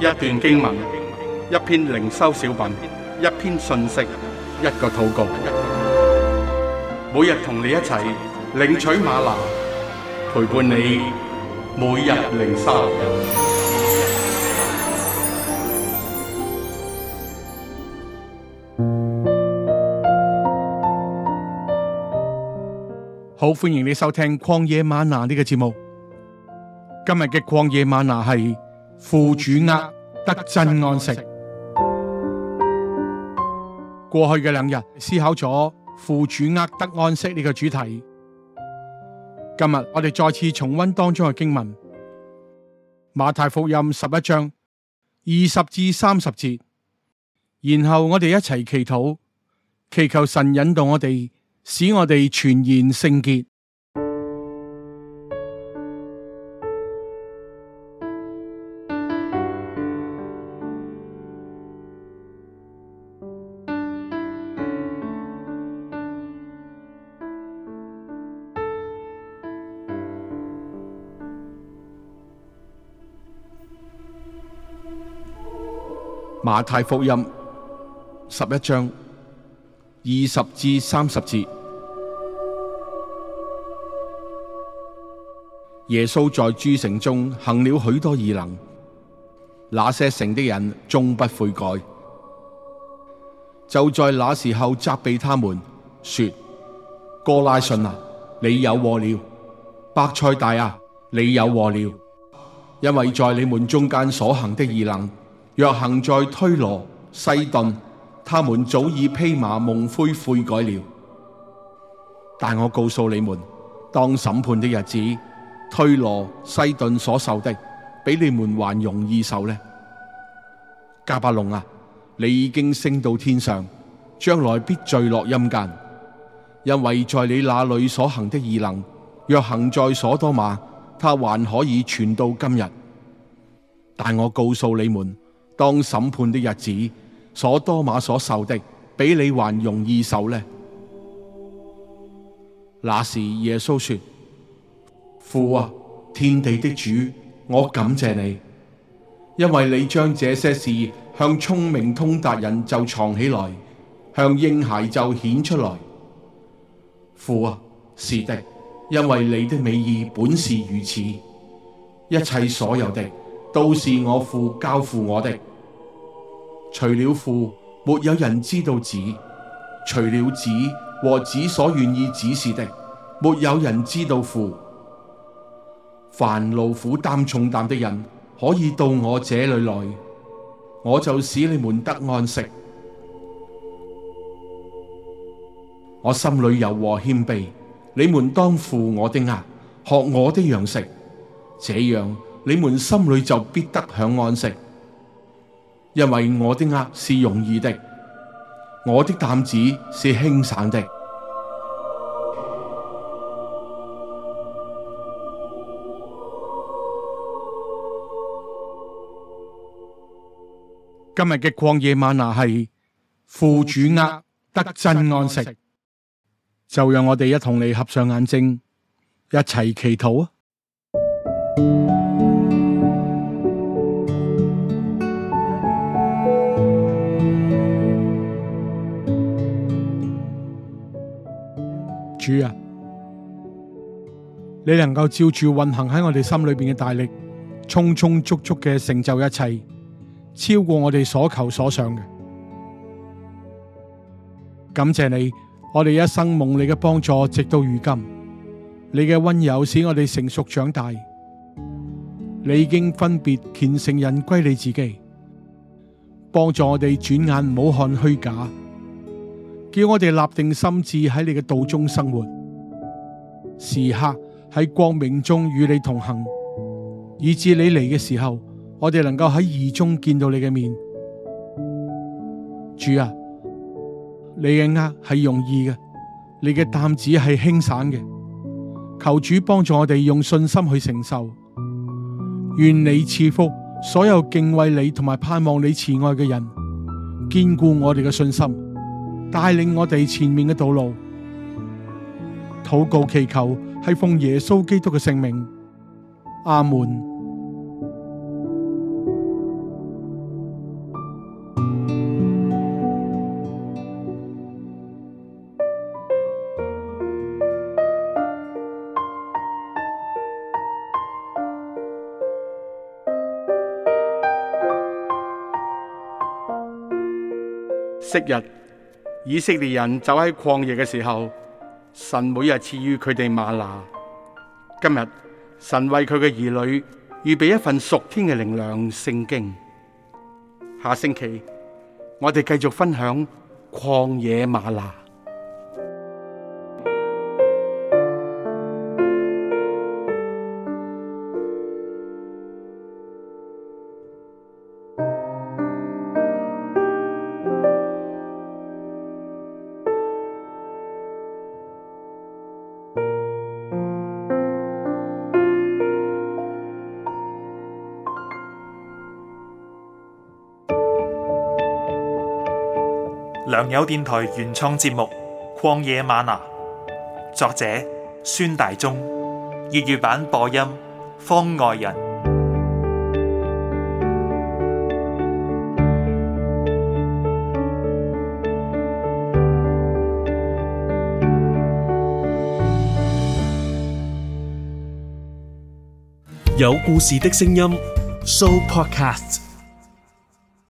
一段經文，一篇靈修小品，一篇信息，一個禱告。每日同你一齊領取嗎哪，陪伴你每日靈修。好，歡迎你收聽《曠野嗎哪》呢個節目。今日嘅曠野嗎哪係。負主軛得真安息。過去嘅兩日思考咗負主軛得安息呢、這個主題。今日我哋再次重溫當中嘅經文，馬太福音十一章二十至三十節。然後我哋一齊祈禱，祈求神引導我哋，使我哋全然聖潔。馬太福音十一章二十至三十節，耶穌在諸城中行了許多異能，那些城的人終不悔改。就在那時候責備他們說：哥拉汛啊，你有禍了；伯賽大啊，你有禍了，因為在你們中間所行的異能。若行在推羅、西頓，他們早已披麻蒙灰悔改了。但我告訴你們，當審判的日子，推羅、西頓所受的，比你們還容易受呢。迦百農啊，你已經升到天上，將來必墜落陰間，因為在你那裏所行的異能，若行在所多瑪，他還可以存到今日。但我告訴你們。當審判的日子，所多瑪所受的比你還容易受呢。那時耶穌說：父啊，天地的主，我感謝你，因為你將這些事向聰明通達人就藏起來，向嬰孩就顯出來。父啊，是的，因為你的美意本是如此。一切所有的都是我父交付我的。除了父，沒有人知道子；除了子和子所願意指示的，沒有人知道父。凡勞苦擔重擔的人，可以到我這裏來，我就使你們得安息。我心裏柔和謙卑，你們當負我的軛，學我的樣式，這樣你們心裏就必得享安息。因為我的軛是容易的，我的擔子是輕省的。今日嘅曠野嗎哪係負主軛得，得真安息，就讓我哋一同你合上眼睛，一齊祈禱啊！主啊，你能夠照住運行喺我哋心裏邊嘅大力，充充足足嘅成就一切，超過我哋所求所想嘅。感謝你，我哋一生蒙你嘅幫助，直到如今，你嘅溫柔使我哋成熟長大。你已經分別虔誠人歸你自己，幫助我哋轉眼唔看虛假。叫我哋立定心志喺你嘅道中生活，時刻喺光明中與你同行，以致你嚟嘅時候，我哋能夠喺義中見到你嘅面。主啊，你嘅軛係容易嘅，你嘅擔子係輕省嘅。求主幫助我哋用信心去承受。願你賜福所有敬畏你同埋盼望你慈愛嘅人，堅固我哋嘅信心。帶領我哋前面嘅道路，禱告祈求係奉耶穌基督嘅聖名。阿門。昔日。以色列人走喺曠野嘅時候，神每日賜予佢哋嗎哪。今日神為佢嘅兒女預備一份屬天嘅靈糧聖經。下星期我哋繼續分享曠野嗎哪。良友電台原創節目《曠野嗎哪》，作者孫大中，粵語版播音方外人，有故事的聲音 Show Podcast。